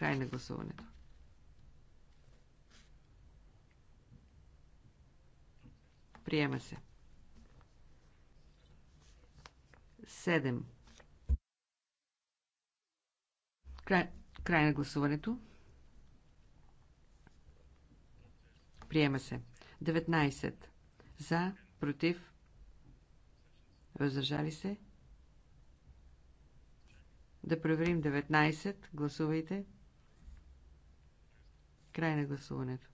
Край на гласуването. Приема се. 7. Край, край на гласуването. Приема се. 19. За, против, въздържали се. Да проверим 19. Гласувайте. 19. Край на гласуването.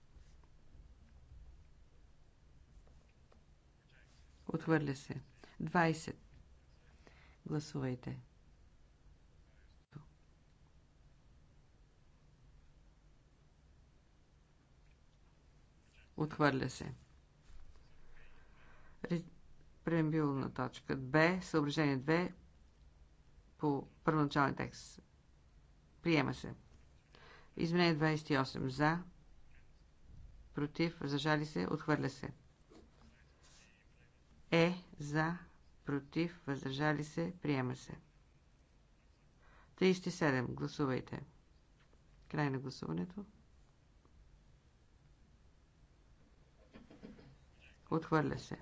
Отвърля се. 20. Гласувайте. Отвърля се. Преамбилна точка. Б. Съображение 2 по първоначален текст. Приема се. Изменение 28 за, против, Зажали се, отхвърля се. Е за, против, въздържали се, приема се. 37. Гласувайте. Край на гласуването. Отхвърля се.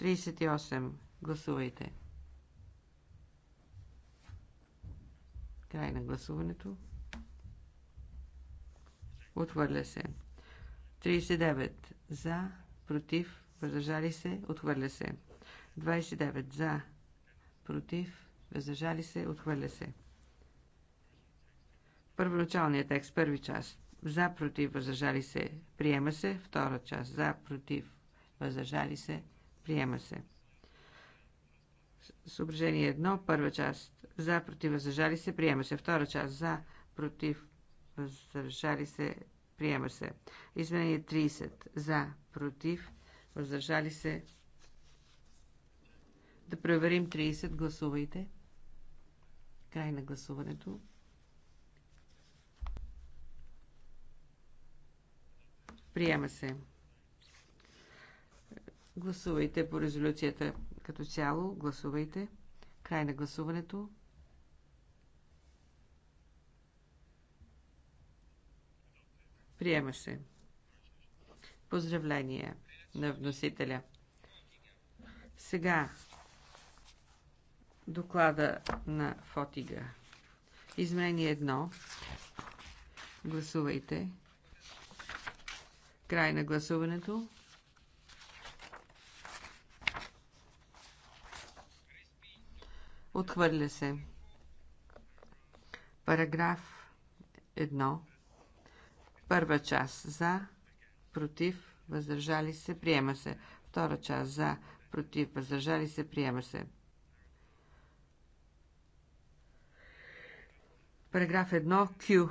38. Гласувайте. Край на гласуването. Отхвърля се. 39 за, против, въздържали се, отхвърля се. 29 за, против, въздържали се, отхвърля се. Първоначалният текст, първи част. За, против, въздържали се, приема се. Втора част. За, против, въздържали се, приема се. Съображение 1, първа част. За, против, въздържали се, приема се. Втора част. За, против, въздържали се, приема се. Изменение 30 за, против, въздържали се. Да проверим 30, гласувайте. Край на гласуването. Приема се. Гласувайте по резолюцията като цяло. Гласувайте. Край на гласуването. приемаше. Поздравление на вносителя. Сега доклада на Фотига. Изменение едно. Гласувайте. Край на гласуването. Отхвърля се. Параграф едно. Първа част за, против, въздържали се, приема се. Втора част за, против, въздържали се, приема се. Параграф 1, Q.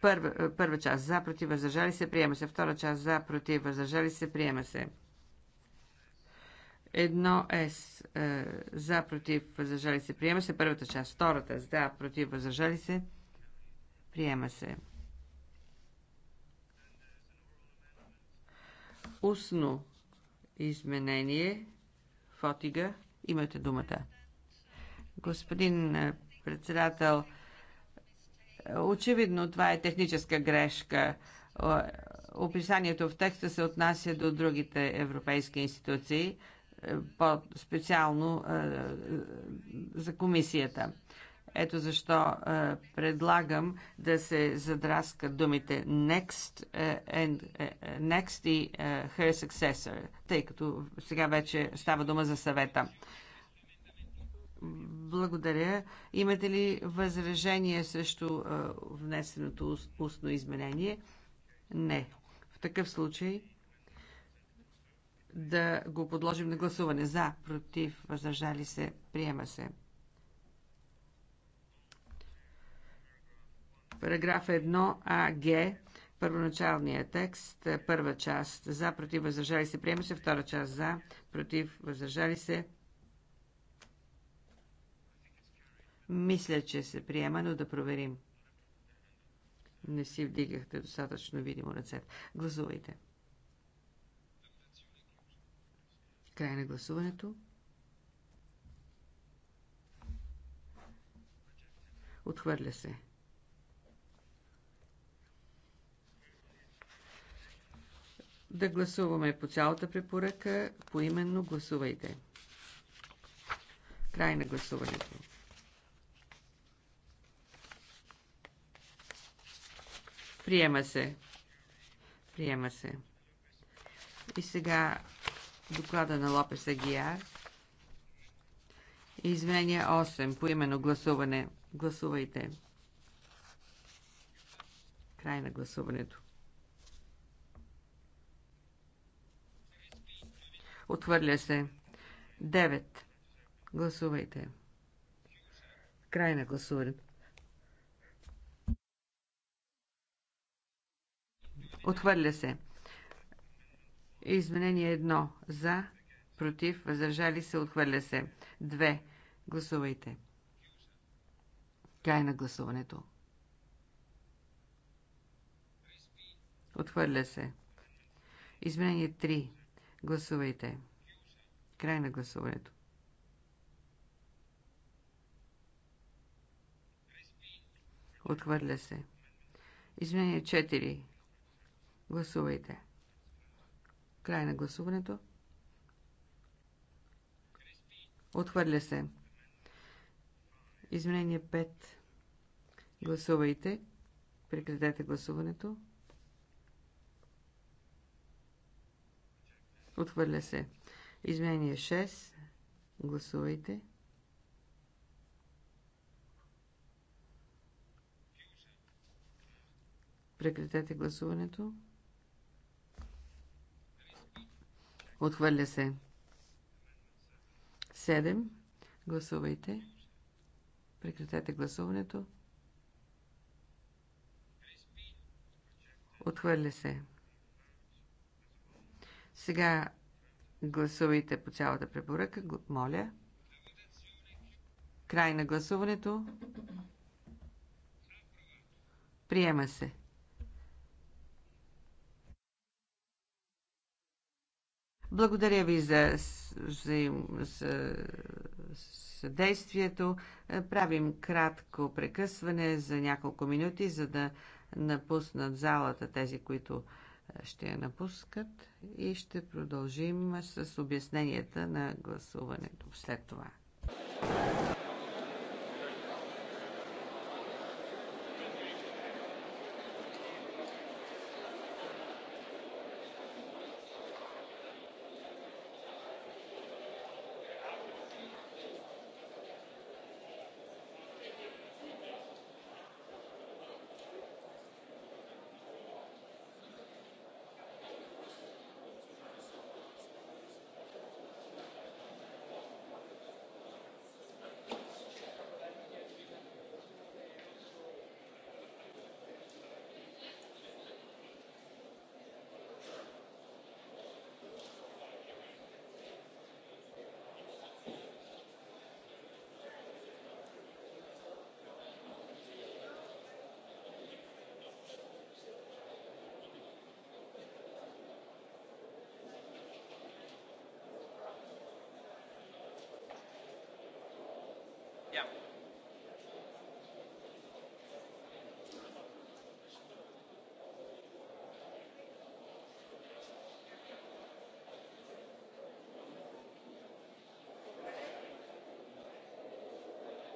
Първа, е, първа част за, против, въздържали се, приема се. Втора част за, против, въздържали се, приема се. Едно С. Е, за, против, въздържали се, приема се. Първата част. Втората. За, против, въздържали се, приема се. Устно изменение. Фотига, имате думата. Господин е, председател, очевидно това е техническа грешка. Описанието в текста се отнася до другите европейски институции, е, по-специално е, за комисията. Ето защо е, предлагам да се задраскат думите next, е, and, е, е, next и her successor, тъй като сега вече става дума за съвета. Благодаря. Имате ли възражение срещу внесеното устно изменение? Не. В такъв случай да го подложим на гласуване. За, против, въздържали се, приема се. Параграф 1 АГ, първоначалния текст, първа част за, против, възражали се, приема се, втора част за, против, възражали се. Мисля, че се приема, но да проверим. Не си вдигахте достатъчно видимо ръцете. Гласувайте. Край на гласуването. Отхвърля се. Да гласуваме по цялата препоръка, поименно гласувайте. Край на гласуването. Приема се. Приема се. И сега доклада на Лопес Агияр. Изменя 8. По именно гласуване. Гласувайте. Край на гласуването. Отхвърля се. 9. Гласувайте. Край на гласуването. Отхвърля се. Изменение 1. За, против, въздържали се, отхвърля се. 2. Гласувайте. Край на гласуването. Отхвърля се. Изменение 3. Гласувайте. Край на гласуването. Отхвърля се. Изменение 4. Гласувайте. Край на гласуването. Отхвърля се. Изменение 5. Гласувайте. Прекратете гласуването. Отхвърля се. Изменение 6. Гласувайте. Прекратете гласуването. Отхвърля се. 7. Гласувайте. Прекратете гласуването. Отхвърля се. Сега гласувайте по цялата препоръка. Моля. Край на гласуването. Приема се. Благодаря ви за, за, за съдействието. Правим кратко прекъсване за няколко минути, за да напуснат залата тези, които ще я напускат и ще продължим с обясненията на гласуването след това.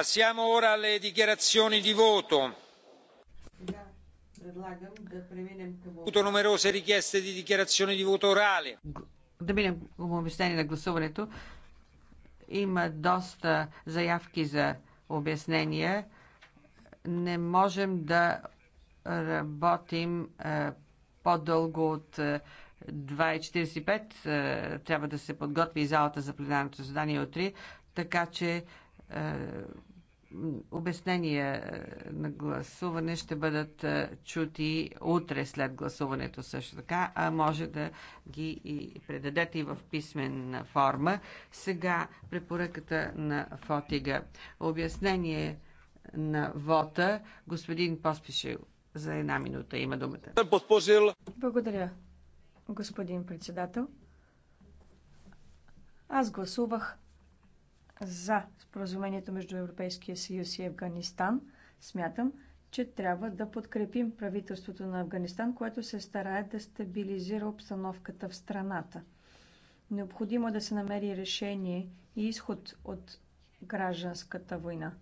Passiamo ora alle dichiarazioni di voto. Да, предлагам да преминем Numerose richieste di dichiarazione di voto orale. Да минем към обяснение на гласуването. Има доста заявки за обяснения. Не можем да работим е, по-дълго от 2.45. Е, е, трябва да се подготви и залата за пленарното задание утре, така че обяснения е, на гласуване ще бъдат е, чути утре след гласуването също така, а може да ги и предадете и в писменна форма. Сега препоръката на Фотига. Обяснение на вота. Господин Поспишил, за една минута има думата. Благодаря, господин председател. Аз гласувах за споразумението между Европейския съюз и Афганистан, смятам, че трябва да подкрепим правителството на Афганистан, което се старае да стабилизира обстановката в страната. Необходимо е да се намери решение и изход от гражданската война.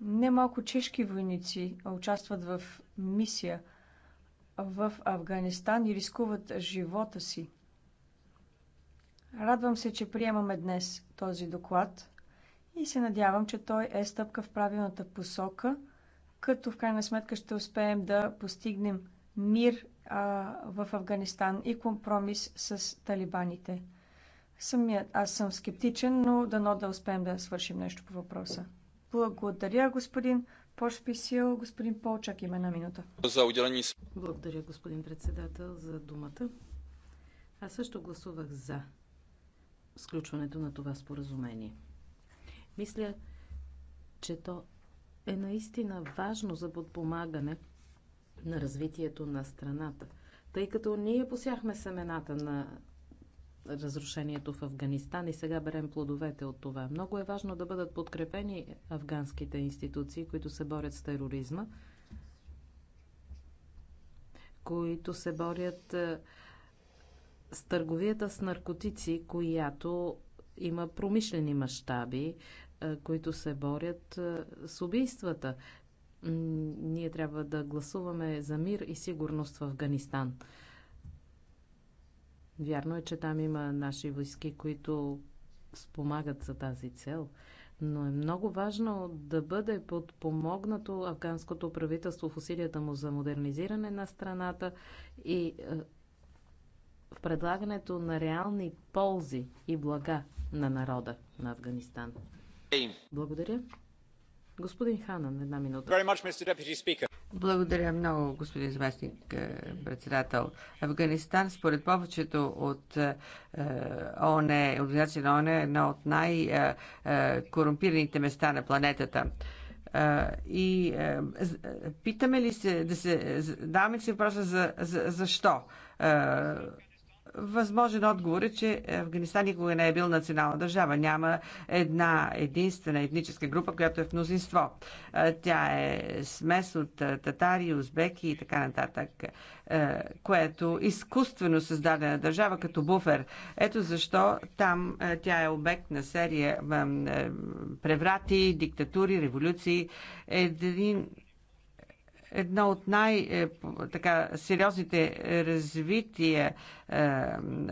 Немалко чешки войници участват в мисия в Афганистан и рискуват живота си. Радвам се, че приемаме днес този доклад и се надявам, че той е стъпка в правилната посока, като в крайна сметка ще успеем да постигнем мир а, в Афганистан и компромис с талибаните. Самият аз съм скептичен, но дано да успеем да свършим нещо по въпроса. Благодаря, господин Пошписил. Господин Полчак има една минута. Благодаря, господин председател, за думата. Аз също гласувах за сключването на това споразумение. Мисля, че то е наистина важно за подпомагане на развитието на страната, тъй като ние посяхме семената на разрушението в Афганистан и сега берем плодовете от това. Много е важно да бъдат подкрепени афганските институции, които се борят с тероризма, които се борят с търговията с наркотици, която има промишлени мащаби, е, които се борят е, с убийствата. Ние трябва да гласуваме за мир и сигурност в Афганистан. Вярно е, че там има наши войски, които спомагат за тази цел, но е много важно да бъде подпомогнато афганското правителство в усилията му за модернизиране на страната и е, в предлагането на реални ползи и блага на народа на Афганистан. Благодаря. Господин Ханан, една минута. Благодаря много, господин заместник е, председател. Афганистан, според повечето от е, ОНЕ, организация на ОНЕ, е една от най-корумпираните места на планетата. Е, и питаме ли се, да се, даваме се въпроса за, за, защо? Възможен отговор е, че Афганистан никога не е бил национална държава. Няма една единствена етническа група, която е в мнозинство. Тя е смес от татари, узбеки и така нататък, което изкуствено създадена държава като буфер. Ето защо там тя е обект на серия е, преврати, диктатури, революции. Един едно от най-сериозните е, развития, е,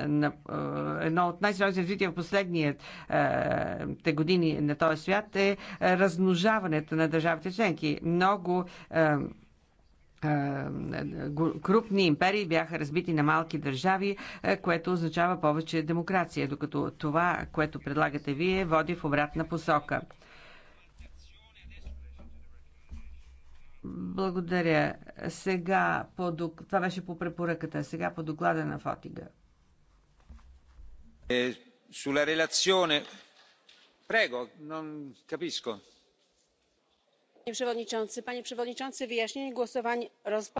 на е, едно от най-сериозните развития в последните години на този свят е размножаването на държавите членки. Много крупни империи бяха разбити на малки държави, което означава повече демокрация, докато това, което предлагате вие, води в обратна посока. Благодаря. Сега по док... Това беше по препоръката. Сега по доклада на Фотига. Е, sulla relazione... Prego, non capisco. Panie przewodniczący, wyjaśnienie głosowań roz...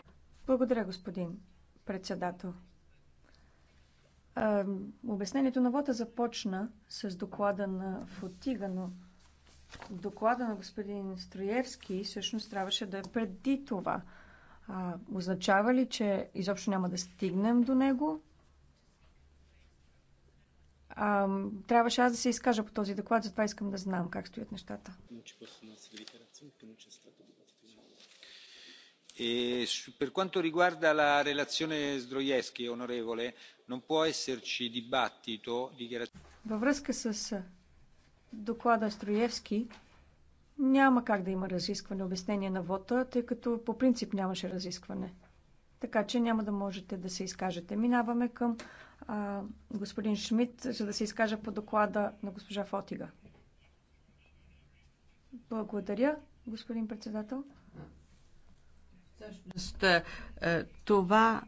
Благодаря, господин председател. Обяснението на вода започна с доклада на Фотига, но доклада на господин Строевски всъщност трябваше да е преди това. А, означава ли, че изобщо няма да стигнем до него? А, трябваше аз да се изкажа по този доклад, затова искам да знам как стоят нещата. E su, per quanto riguarda la relazione Zdroievski, onorevole, non può esserci dibattito, dichiarazione доклада Строевски няма как да има разискване, обяснение на вота, тъй като по принцип нямаше разискване. Така че няма да можете да се изкажете. Минаваме към а, господин Шмидт, за да се изкаже по доклада на госпожа Фотига. Благодаря, господин председател. Всъщност, е, това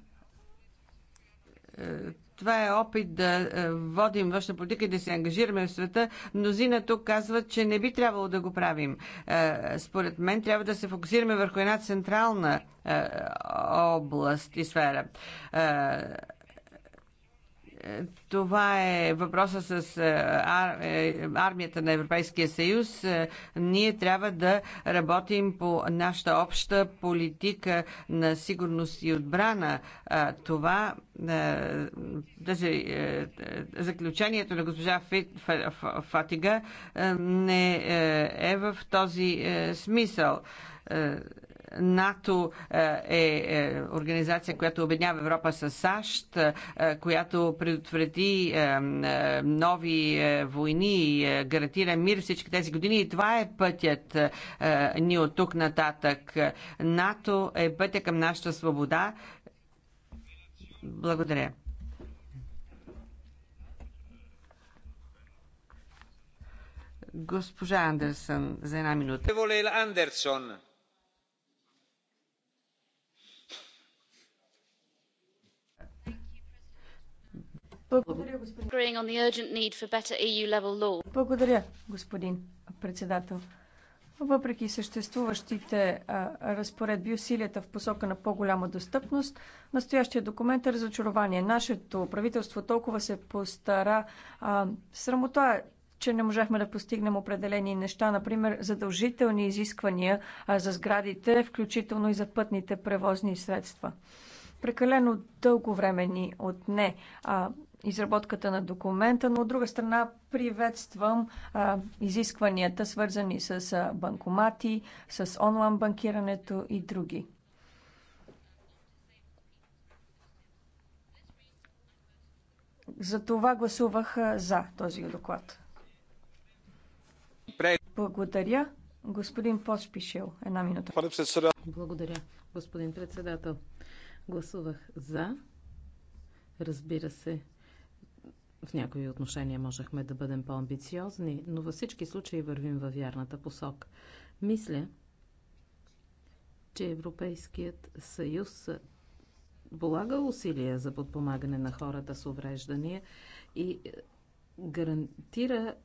е, това е опит да е, водим външна политика и да се ангажираме в света. Мнозина тук казват, че не би трябвало да го правим. Е, според мен трябва да се фокусираме върху една централна е, област и сфера това е въпроса с е, е, армията на Европейския съюз. Е, ние трябва да работим по нашата обща политика на сигурност и отбрана. Това даже заключението на госпожа Фатига не е в този смисъл НАТО е, е, е организация, която обеднява Европа с САЩ, е, която предотврати нови войни и гарантира мир всички тези години. И това е пътят ни от тук нататък. НАТО е пътя към нашата свобода. Благодаря. Госпожа Андерсън, за една минута. Андерсон. Благодаря, господин, e Благодаря, господин председател. Въпреки съществуващите разпоредби разпоредби усилията в посока на по-голяма достъпност, настоящия документ е разочарование. Нашето правителство толкова се постара. Срамота е, че не можахме да постигнем определени неща, например задължителни изисквания за сградите, включително и за пътните превозни средства. Прекалено дълго време ни отне а, изработката на документа, но от друга страна приветствам а, изискванията, свързани с а, банкомати, с онлайн банкирането и други. За това гласувах а, за този доклад. Благодаря. Господин Поспишел, една минута. Благодаря, господин председател. Гласувах за. Разбира се, в някои отношения можехме да бъдем по-амбициозни, но във всички случаи вървим във вярната посока. Мисля, че Европейският съюз полага усилия за подпомагане на хората с увреждания и е, гарантира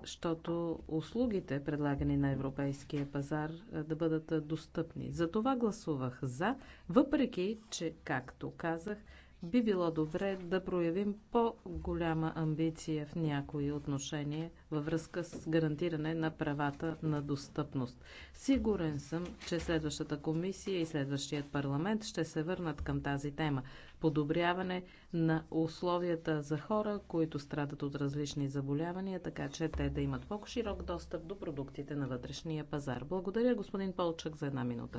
защото услугите, предлагани на европейския пазар, да бъдат достъпни. За това гласувах за, въпреки че, както казах, би било добре да проявим по-голяма амбиция в някои отношения във връзка с гарантиране на правата на достъпност. Сигурен съм, че следващата комисия и следващият парламент ще се върнат към тази тема подобряване на условията за хора, които страдат от различни заболявания, така че те да имат по-широк достъп до продуктите на вътрешния пазар. Благодаря, господин Полчък, за една минута.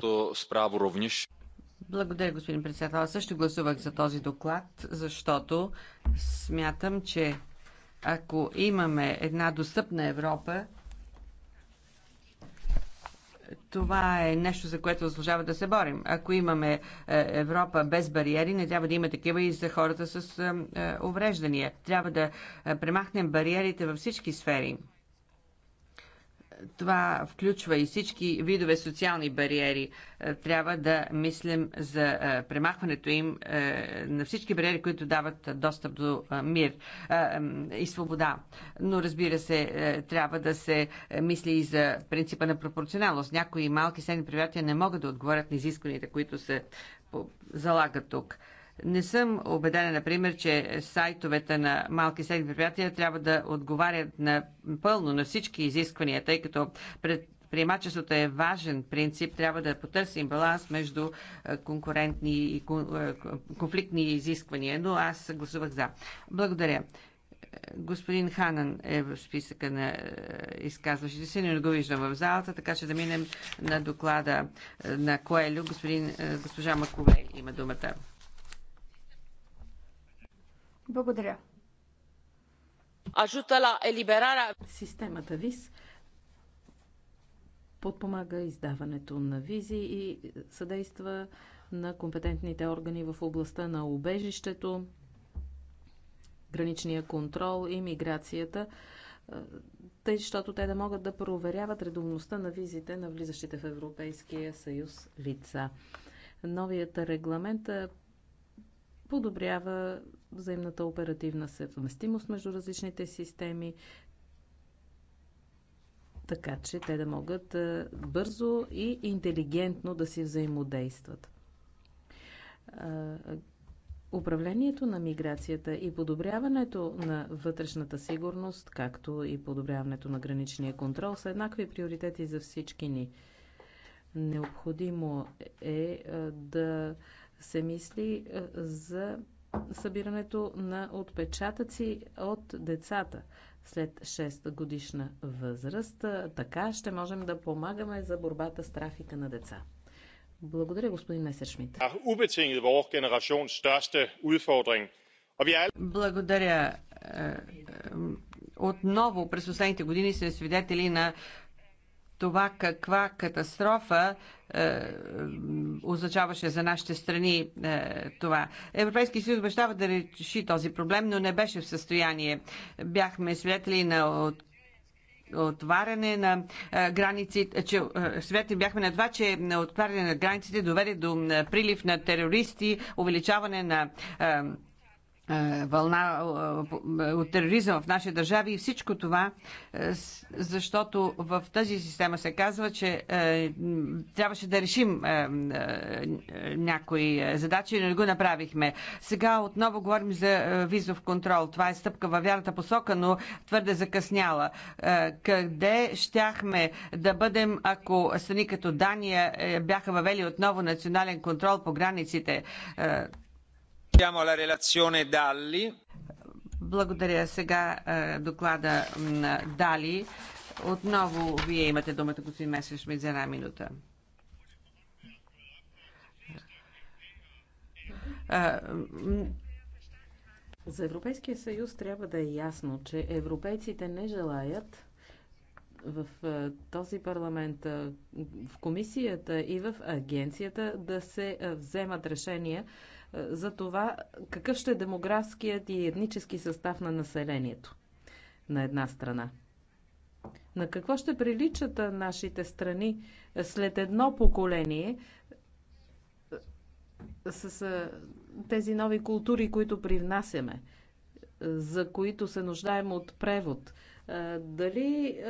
Благодаря, господин председател. Аз също гласувах за този доклад, защото смятам, че ако имаме една достъпна Европа, това е нещо, за което заслужава да се борим. Ако имаме е, Европа без бариери, не трябва да има такива и за хората с е, е, увреждания. Трябва да премахнем бариерите във всички сфери това включва и всички видове социални бариери. Е, трябва да мислим за е, премахването им е, на всички бариери, които дават достъп до мир и свобода. Но разбира се, трябва да се мисли и за принципа на пропорционалност. Някои малки седни предприятия не могат да отговорят на изискванията, които се залагат тук. Не съм убедена, например, че сайтовете на малки средни предприятия трябва да отговарят на пълно на всички изисквания, тъй като пред Приемачеството е важен принцип. Трябва да потърсим баланс между е, конкурентни и е, конфликтни изисквания, но аз гласувах за. Благодаря. Е, господин Ханан е в списъка на изказващите се, но не го виждам в залата, така че да минем на доклада на Коелю. Господин, госпожа Маковей има думата. Благодаря. Ajută la eliberarea... Системата ВИС подпомага издаването на визи и съдейства на компетентните органи в областта на убежището, граничния контрол и миграцията, тъй, защото те да могат да проверяват редовността на визите на влизащите в Европейския съюз лица. Новият регламент подобрява взаимната оперативна съвместимост между различните системи, така че те да могат бързо и интелигентно да си взаимодействат. Управлението на миграцията и подобряването на вътрешната сигурност, както и подобряването на граничния контрол, са еднакви приоритети за всички ни. Необходимо е да се мисли за събирането на отпечатъци от децата след 6 годишна възраст. Така ще можем да помагаме за борбата с трафика на деца. Благодаря, господин Месершмит. Er Благодаря. Е, е, отново през последните години сме свидетели на това каква катастрофа е, означаваше за нашите страни е, това. Европейски съюз обещава да реши този проблем, но не беше в състояние. Бяхме свидетели на от отваряне на е, границите, че е, свидетели бяхме на това, че отваряне на границите доведе до е, прилив на терористи, увеличаване на е, е, вълна е, е, от тероризъм в нашите държави и всичко това, защото в тази система се казва, че трябваше да решим някои задачи, но не го направихме. Сега отново говорим за визов контрол. Това е стъпка във вярната посока, но твърде закъсняла. Къде щяхме да бъдем, ако страни като Дания бяха въвели отново национален контрол по границите? Благодаря. Сега е, доклада на Дали. Отново вие имате думата, господин Месешмит, за една минута. Е, за Европейския съюз трябва да е ясно, че европейците не желаят в е, този парламент, в комисията и в агенцията да се вземат решения е, за това какъв ще е демографският и етнически състав на населението на една страна. На какво ще приличат е, нашите страни е, след едно поколение с тези нови култури, които привнасяме, за които се нуждаем от превод? Дали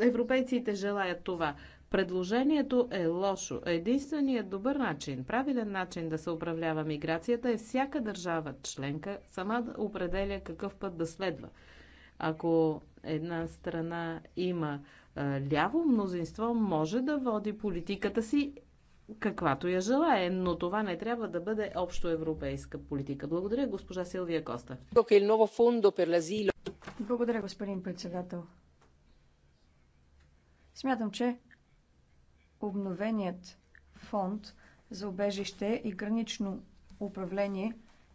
европейците желаят това? Предложението е лошо. Единственият добър начин, правилен начин да се управлява миграцията е всяка държава членка сама да определя какъв път да следва. Ако една страна има ляво мнозинство, може да води политиката си каквато я желае, но това не трябва да бъде общо европейска политика. Благодаря, госпожа Силвия Коста. Благодаря, господин председател. Смятам, че обновеният фонд за убежище и гранично управление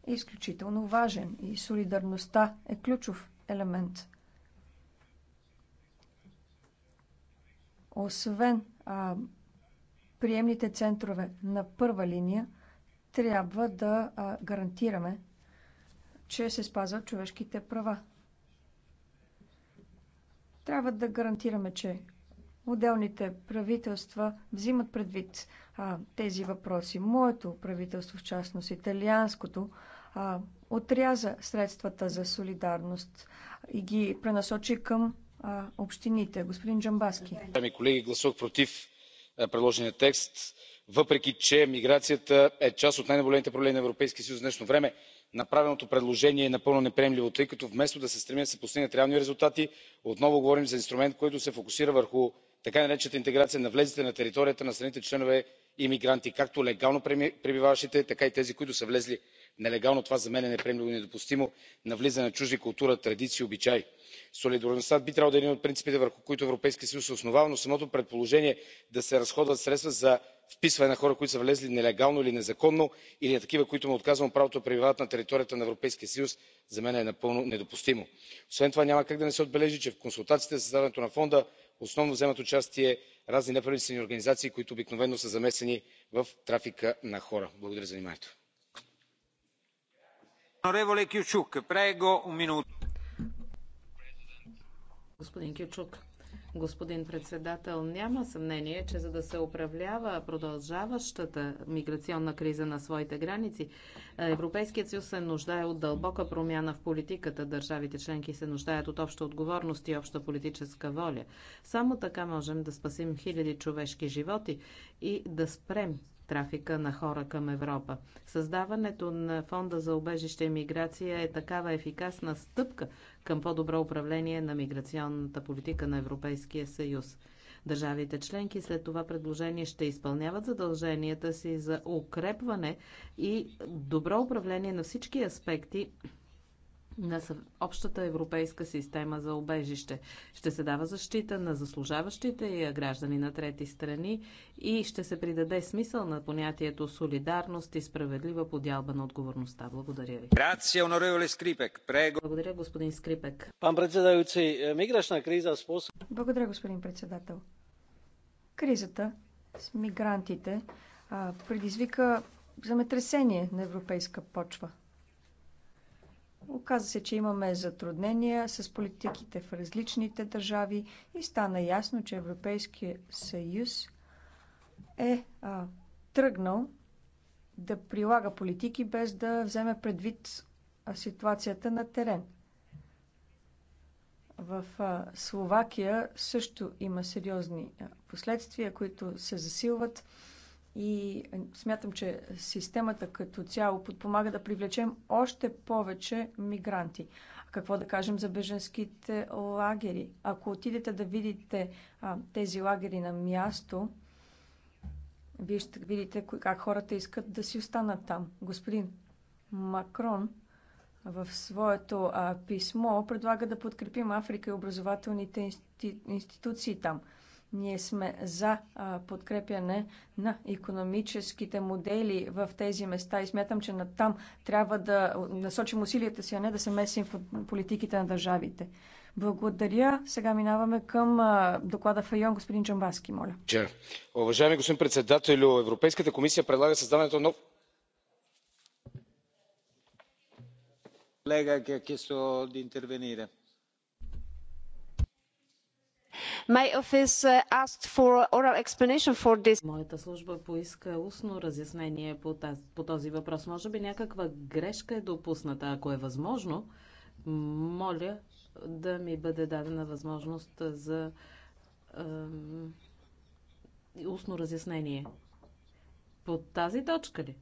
е изключително важен и солидарността е ключов елемент. Освен а, приемните центрове на първа линия, трябва да а, гарантираме, че се спазват човешките права. Трябва да гарантираме, че отделните правителства взимат предвид а, тези въпроси. Моето правителство, в частност италианското, а, отряза средствата за солидарност и ги пренасочи към а, общините. Господин Джамбаски. Дами колеги, гласувах против предложения текст, въпреки че миграцията е част от най-наболените проблеми на Европейския съюз в днешно време направеното предложение е напълно неприемливо тъй като вместо да се стремим да се постигнат реални резултати отново говорим за инструмент който се фокусира върху така наречената интеграция на влезлите на територията на страните членки имигранти както легално пребиваващите така и тези които са влезли нелегално. това за мен е неприемливо и недопустимо навлизане на чужди култура традиции и обичаи. солидарността би трябвало да е един от принципите върху които европейският съюз се основава но самото предположение да се разходват средства за вписване на хора които са влезли нелегално или незаконно или на такива на които им е отказано правото да пребивават на територията на европейския съюз за мен е напълно недопустимо. освен това няма как да не се отбележи че в консултациите за създаването на фонда основно вземат участие разни неправителствени организации които обикновено са замесени в трафика на хора. благодаря за вниманието. господин кючук Господин председател, няма съмнение, че за да се управлява продължаващата миграционна криза на своите граници, Европейският съюз се нуждае от дълбока промяна в политиката. Държавите членки се нуждаят от обща отговорност и обща политическа воля. Само така можем да спасим хиляди човешки животи и да спрем трафика на хора към Европа. Създаването на фонда за обежище и миграция е такава ефикасна стъпка към по-добро управление на миграционната политика на Европейския съюз. Държавите членки след това предложение ще изпълняват задълженията си за укрепване и добро управление на всички аспекти на общата европейска система за обежище. Ще се дава защита на заслужаващите и граждани на трети страни и ще се придаде смисъл на понятието солидарност и справедлива подялба на отговорността. Благодаря ви. Грация, Скрипек. Благодаря, господин Скрипек. Пан криза Благодаря, господин председател. Кризата с мигрантите предизвика земетресение на европейска почва. Оказа се, че имаме затруднения с политиките в различните държави и стана ясно, че Европейския съюз е а, тръгнал да прилага политики без да вземе предвид ситуацията на терен. В а, Словакия също има сериозни последствия, които се засилват. И е, смятам, че системата като цяло подпомага да привлечем още повече мигранти. Какво да кажем за беженските лагери? Ако отидете да видите а, тези лагери на място, вие ще видите как хората искат да си останат там. Господин Макрон в своето а, писмо предлага да подкрепим Африка и образователните институции там. Ние сме за подкрепяне на економическите модели в тези места и смятам, че там трябва да насочим усилията си, а не да се месим в политиките на държавите. Благодаря. Сега минаваме към доклада в Айон Господин Джамбаски, моля. Уважаеми господин председател, Европейската комисия предлага създаването на нов колега che ha chiesto My office uh, asked for oral explanation for this. Моята служба поиска устно разяснение по, тази, по този въпрос. Може би някаква грешка е допусната. Ако е възможно, моля да ми бъде дадена възможност за е, устно разяснение. По тази точка ли?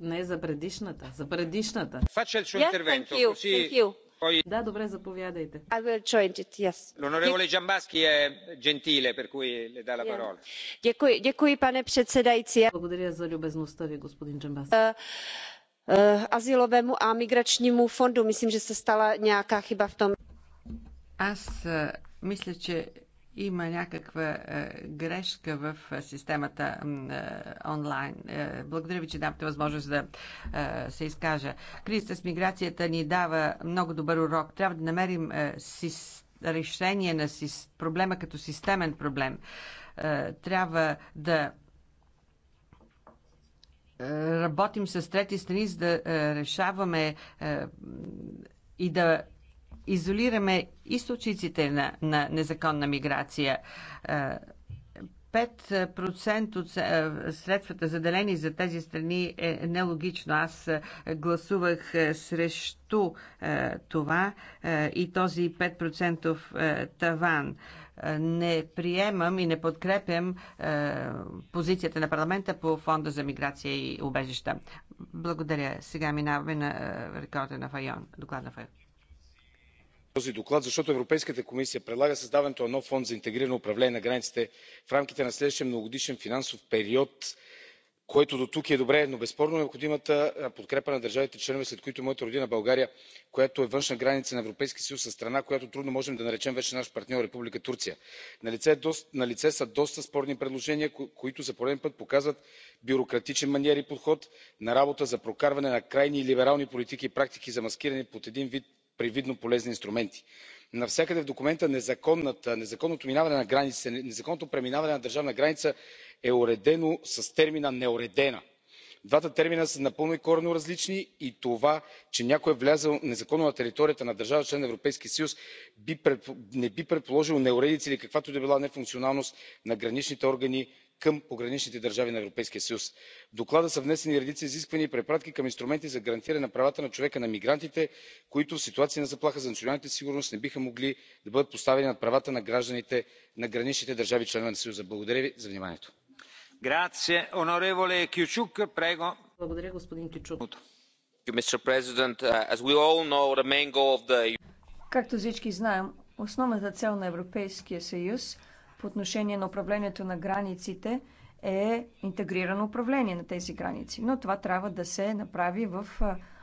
Не за предишната, за предишната. Faccia il suo yeah, intervento, thank you, così thank you. Да, добре, заповядайте. L'onorevole Giambaschi è gentile, per cui le dà la parola. Děkuji, pane předsedající. Благодаря за любезността ви, господин Джамбаски. Азиловому а миграчnímu фонду, myslím, že se stala nějaká chyba v tom. Аз мисля, че има някаква е, грешка в системата е, онлайн. Е, благодаря ви, че дадете възможност да се изкажа. Кризата с миграцията ни дава много добър урок. Трябва да намерим решение на проблема като системен проблем. Трябва да работим с трети страни, за да решаваме и да изолираме източниците на, на незаконна миграция. 5% е, от е, средствата заделени за тези страни е нелогично. Аз е, гласувах срещу това и този 5% таван не приемам и не подкрепям позицията на парламента по фонда за миграция и убежища. Благодаря. Сега минаваме на рекорда на Файон, доклад на Файон този доклад защото европейската комисия предлага създаването на нов фонд за интегрирано управление на границите в рамките на следващия многогодишен финансов период което дотук е добре но безспорно е необходимата подкрепа на държавите членки сред които и моята родина българия която е външна граница на европейския съюз със страна която трудно можем да наречем вече наш партньор република турция. налице е са доста спорни предложения които за пореден път показват бюрократичен маниер и подход на работа за прокарване на крайни либерални политики и практики замаскирани под един вид привидно полезни инструменти. навсякъде в документа незаконното минаване на незаконното преминаване на държавна граница е уредено с термина неуредена. двата термина са напълно и коренно различни и това че някой е влязъл незаконно на територията на държава член на европейския съюз не би предположило неуредици или каквато и да била нефункционалност на граничните органи към пограничните държави на европейския съюз. в доклада са внесени редица изисквания и препратки към инструменти за гарантиране на правата на човека на мигрантите които в ситуация на заплаха за националната сигурност не биха могли да бъдат поставени над правата на гражданите на граничните държави членки на съюза. благодаря ви за вниманието. Uh, Както всички знаем, основната цел на Европейския съюз по отношение на управлението на границите е интегрирано управление на тези граници. Но това трябва да се направи в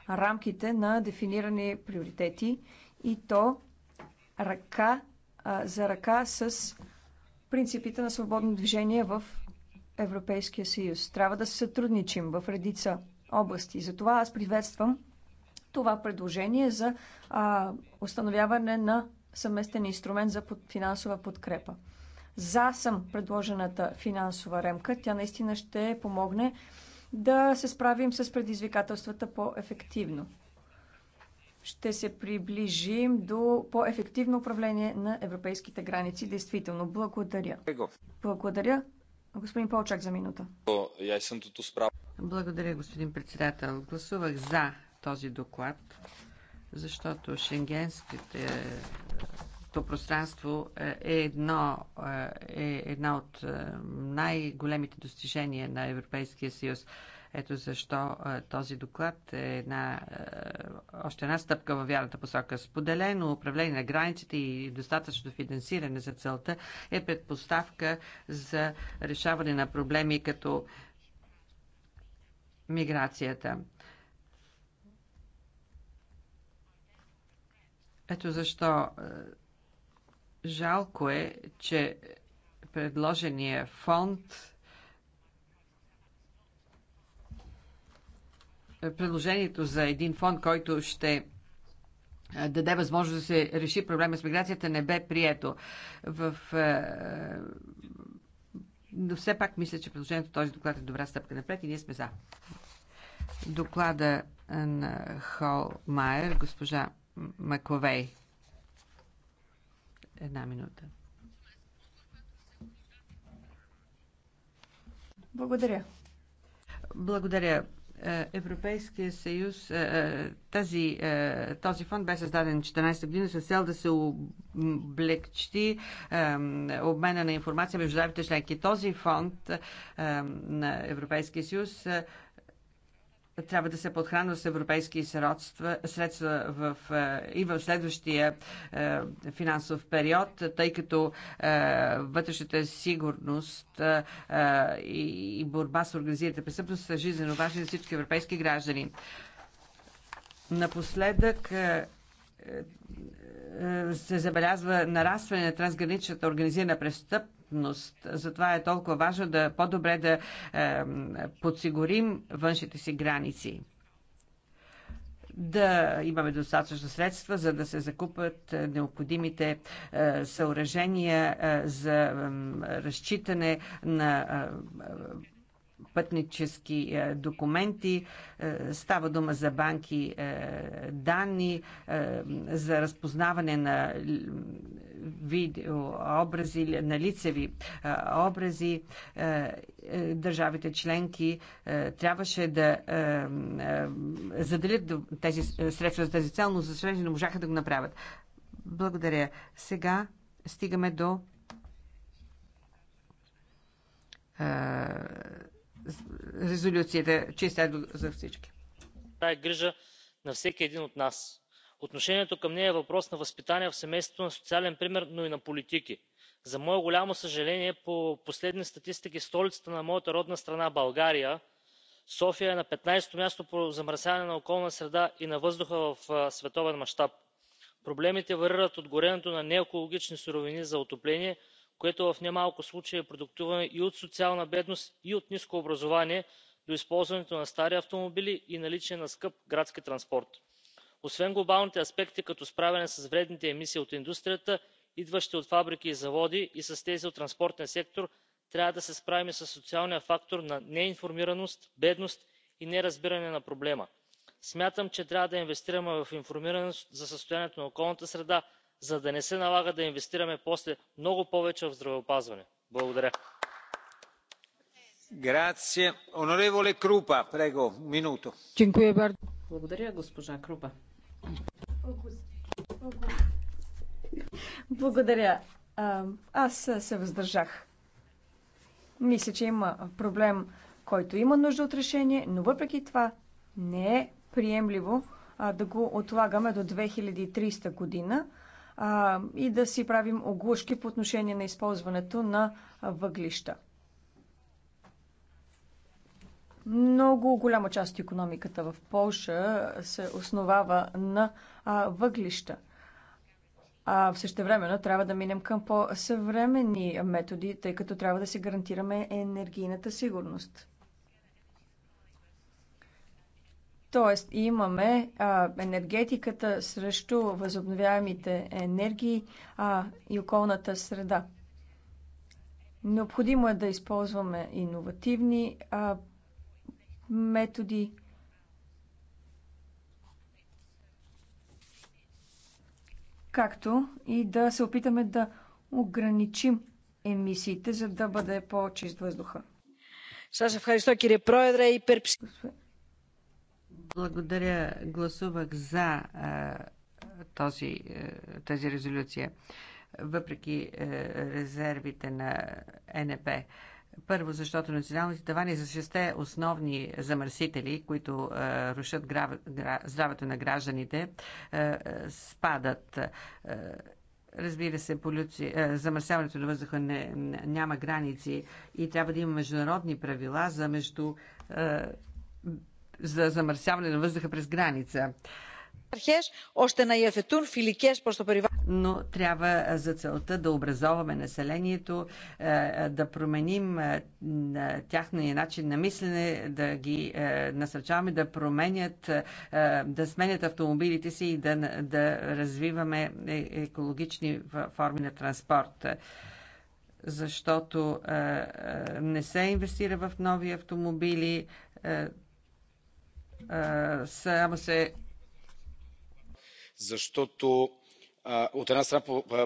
рамките на дефинирани приоритети и то ръка за ръка с принципите на свободно движение в Европейския съюз. Трябва да се сътрудничим в редица области. Затова аз приветствам това предложение за а, установяване на съместен инструмент за под, финансова подкрепа за съм предложената финансова ремка. Тя наистина ще помогне да се справим с предизвикателствата по-ефективно. Ще се приближим до по-ефективно управление на европейските граници. Действително, благодаря. Благодаря. Господин Полчак за минута. Благодаря, господин председател. Гласувах за този доклад, защото шенгенските Българското пространство е, е, едно, е, е една от е, най-големите достижения на Европейския съюз. Ето защо този доклад е една, още една стъпка във вярната посока. Споделено управление на границите и достатъчно финансиране за целта е предпоставка за решаване на проблеми като миграцията. Ето защо Жалко е, че предложения фонд предложението за един фонд, който ще даде възможност да се реши проблема с миграцията, не бе прието. В, но все пак мисля, че предложението този доклад е добра стъпка напред и ние сме за. Доклада на Майер, госпожа Маковей. Една минута. Благодаря. Благодаря. Е, Европейския съюз, е, е, тази, този фонд бе създаден 14 година с цел да се облегчи обмена на информация между държавите членки. Този фонд на Европейския съюз трябва да се подхранва с европейски средства, средства в, е, и в следващия е, финансов период, тъй като е, вътрешната сигурност и борба с организираната престъпност са жизненно важни за всички европейски граждани. Напоследък се забелязва нарастване на трансграничната организирана престъп, толерантност. Затова е толкова важно да по-добре да е, подсигурим външните си граници да имаме достатъчно средства, за да се закупат е, необходимите е, съоръжения е, за разчитане на пътнически е, документи, е, става дума за банки е, данни, за разпознаване на видеообрази, на лицеви образи. Държавите членки трябваше да заделят тези средства за тази цел, но за съжаление не можаха да го направят. Благодаря. Сега стигаме до резолюциите. Чист е едо за всички. Това е грижа на всеки един от нас. Отношението към нея е въпрос на възпитание в семейството, на социален пример, но и на политики. За мое голямо съжаление, по последни статистики столицата на моята родна страна България, София, е на 15-то място по замърсяване на околна среда и на въздуха в световен мащаб. Проблемите варират от горенето на неекологични суровини за отопление което в немалко случаи е продиктувано и от социална бедност и от ниско образование до използването на стари автомобили и наличие на скъп градски транспорт. освен глобалните аспекти като справяне с вредните емисии от индустрията идващи от фабрики и заводи и с тези от транспортния сектор трябва да се справим и със социалния фактор на неинформираност бедност и неразбиране на проблема. смятам че трябва да инвестираме в информираност за състоянието на околната среда за да не се налага да инвестираме после много повече в здравеопазване. благодаря. Благодаря, госпожа Крупа. Благодаря. Аз се въздържах. Мисля, че има проблем, който има нужда от решение, но въпреки това не е приемливо да го отлагаме до 2300 година, а, и да си правим оглушки по отношение на използването на въглища. Много голяма част от економиката в Польша се основава на а, въглища. А в същевременно трябва да минем към по-съвремени методи, тъй като трябва да си гарантираме енергийната сигурност. Тоест имаме а, енергетиката срещу възобновяемите енергии а, и околната среда. Необходимо е да използваме иновативни а, методи. Както и да се опитаме да ограничим емисиите, за да бъде по-чист въздуха. Σας ευχαριστώ κύριε и Υπερψ... Благодаря. Гласувах за този, тази резолюция, въпреки резервите на НП. Първо, защото националните тавани за шесте основни замърсители, които е, рушат грав, гра, здравето на гражданите, е, е, спадат. Е, разбира се, полюци, е, замърсяването на въздуха не, няма граници и трябва да има международни правила за между за замърсяване на въздуха през граница. Но трябва за целта да образоваме населението, да променим тяхния начин на мислене, да ги насърчаваме да променят, да сменят автомобилите си и да, да развиваме е, екологични форми на транспорт защото не се инвестира в нови автомобили. Е, Защото от една страна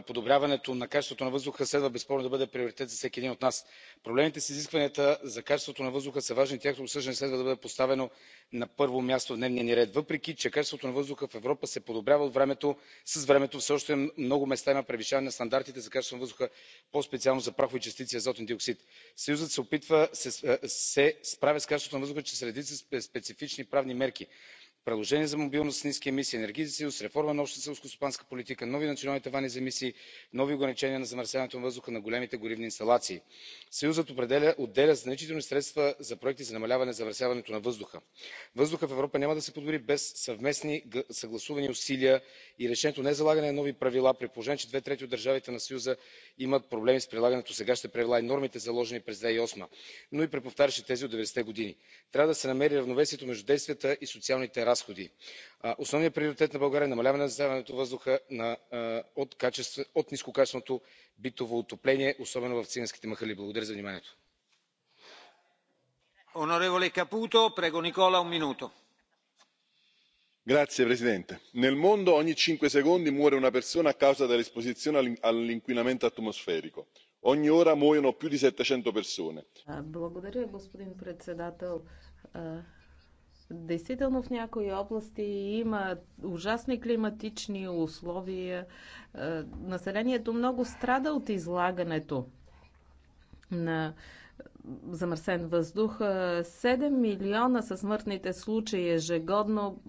подобряването на качеството на въздуха следва безспорно да бъде приоритет за всеки един от нас. проблемите с изискванията за качеството на въздуха са важни и тяхното обсъждане следва да бъде поставено на първо място в дневния ни ред. въпреки че качеството на въздуха в европа се подобрява с времето все още на много места има превишаване на стандартите за качество на въздуха по специално за прахови частици и азотен диоксид. съюзът се справя с качеството на въздуха чрез редица специфични правни мерки предложение за мобилност с ниски емисии енергиен съюз реформа на общата селскостопанска политика нови национални тавани за емисии нови ограничения на замърсяването на въздуха на големите горивни инсталации. съюзът отделя значителни средства за проекти за намаляване замърсяването на въздуха. въздухът в европа няма да се подобри без съвместни съгласувани усилия и решението не е залагане на нови правила при положение че две трети от държавите на съюза имат проблеми с прилагането на сегашните правила и нормите заложени през две хиляди и осма но и при повтарящи се тези от 90-те години. трябва да се намери равновесието между действията и социалните разходи. основният приоритет на българя е намаляване на замърсяването на въздуха от нискокачественото битово отопление особено в циганските махали. благодаря за вниманието. signor presidente nel mondo ogni cinque secondi muore una persona a causa dell'esposizione all'inquinamento atmosferico. ogni ora muoiono più di settecento persone. Действително в някои области има ужасни климатични условия. Е, населението много страда от излагането на замърсен въздух. 7 е, милиона са смъртните случаи ежегодно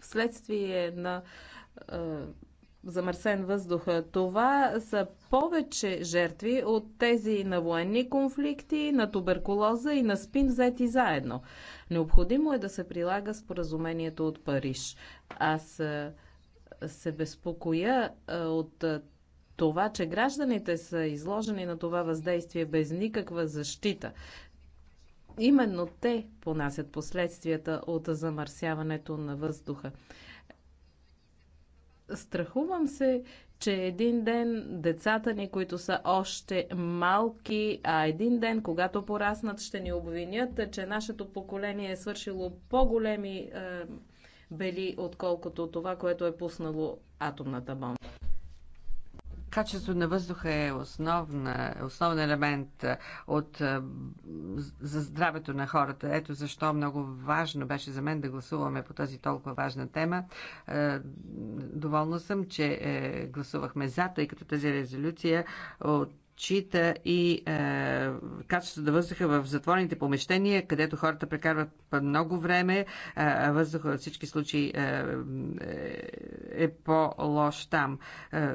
вследствие на е, замърсен въздух. Това са повече жертви от тези на военни конфликти, на туберкулоза и на спин взети заедно. Необходимо е да се прилага споразумението от Париж. Аз се безпокоя от това, че гражданите са изложени на това въздействие без никаква защита. Именно те понасят последствията от замърсяването на въздуха. Страхувам се, че един ден децата ни, които са още малки, а един ден, когато пораснат, ще ни обвинят, че нашето поколение е свършило по-големи е, бели, отколкото това, което е пуснало атомната бомба. Качеството на въздуха е основна, основен елемент от, за здравето на хората. Ето защо много важно беше за мен да гласуваме по тази толкова важна тема. Доволна съм, че е, гласувахме за, тъй като тази резолюция от отчита и е, качеството на въздуха в затворните помещения, където хората прекарват много време. Е, въздуха във всички случаи е, е, е по-лош там. Е,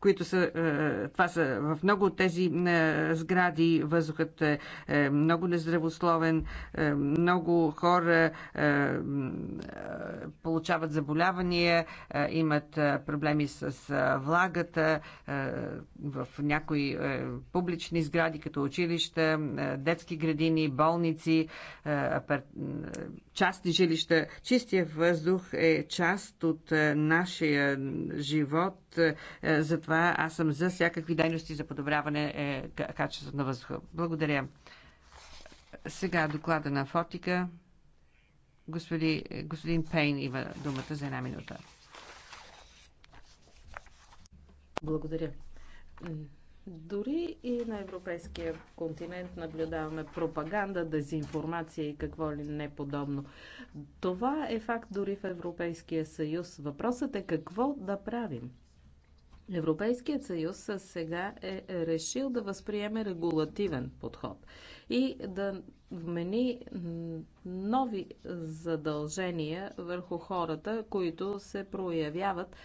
които са, е, това са в много от тези е, сгради въздухът е, е много нездравословен, много хора получават заболявания, имат проблеми с влагата в някои публични сгради, като училища, детски градини, болници, частни жилища. Чистия въздух е част от нашия живот е, затова аз съм за всякакви дейности за подобряване е, качеството на въздуха. Благодаря. Сега доклада на Фотика. Господи, господин Пейн има думата за една минута. Благодаря. Дори и на европейския континент наблюдаваме пропаганда, дезинформация и какво ли не подобно. Това е факт дори в Европейския съюз. Въпросът е какво да правим. Европейският съюз сега е решил да възприеме регулативен подход и да вмени нови задължения върху хората, които се проявяват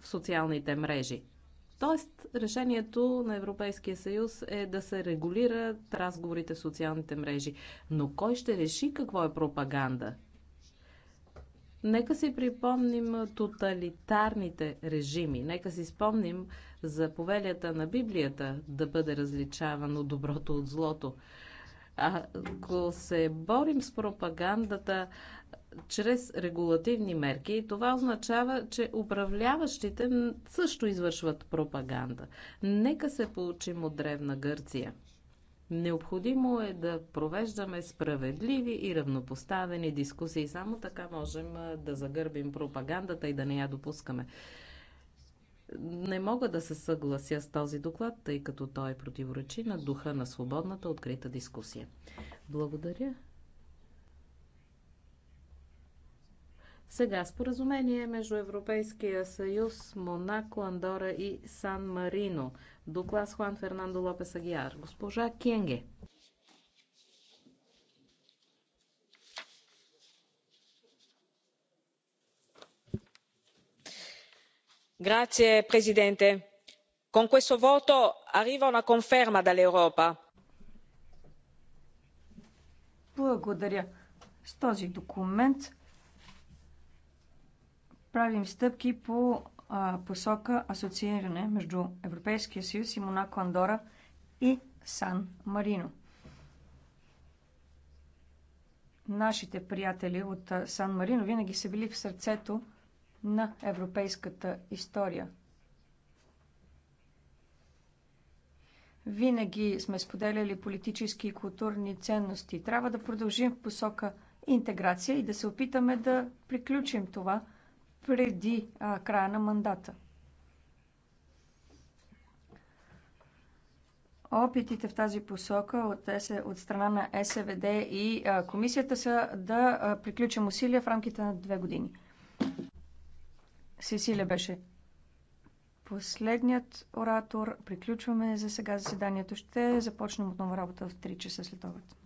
в социалните мрежи. Тоест, решението на Европейския съюз е да се регулират разговорите в социалните мрежи. Но кой ще реши какво е пропаганда? Нека си припомним тоталитарните режими. Нека си спомним за повелята на Библията да бъде различавано доброто от злото. Ако се борим с пропагандата чрез регулативни мерки, това означава, че управляващите също извършват пропаганда. Нека се получим от древна Гърция. Необходимо е да провеждаме справедливи и равнопоставени дискусии. Само така можем да загърбим пропагандата и да не я допускаме. Не мога да се съглася с този доклад, тъй като той е противоречи на духа на свободната открита дискусия. Благодаря. Сега споразумение между Европейския съюз, Монако, Андора и Сан Марино. Доклад с Хуан Фернандо Лопес Агиар. Госпожа Кенге. Grazie presidente con questo voto arriva una conferma dall'europa. Благодаря. С този документ правим стъпки по а, посока асоцииране между Европейския съюз и Монако Андора и Сан Марино. Нашите приятели от Сан Марино винаги са били в сърцето на европейската история. Винаги сме споделяли политически и културни ценности. Трябва да продължим в посока интеграция и да се опитаме да приключим това – преди а, края на мандата. Опитите в тази посока от, ЕСЕ, от страна на СВД е и а, комисията са да а, приключим усилия в рамките на две години. Сесилия беше последният оратор. Приключваме за сега заседанието. Ще започнем отново работа в 3 часа след обед.